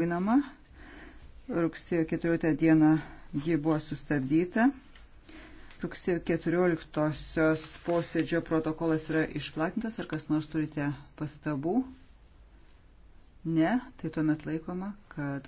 Ginama. Rugsėjo 14 dieną ji buvo sustabdyta. Rugsėjo 14 posėdžio protokolas yra išplatintas. Ar kas nors turite pastabų? Ne, tai tuomet laikoma, kad.